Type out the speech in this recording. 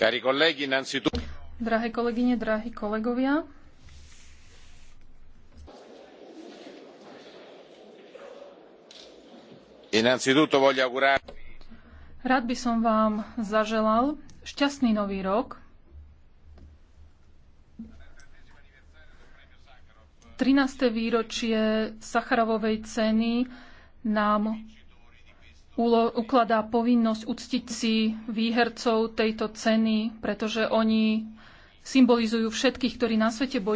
Drahé kolegyne, drahí kolegovia, Rád by som vám zaželal šťastný nový rok. 13. výročie Sacharovovej ceny nám ukladá povinnosť uctiť si výhercov tejto ceny, pretože oni symbolizujú všetkých, ktorí na svete bojujú.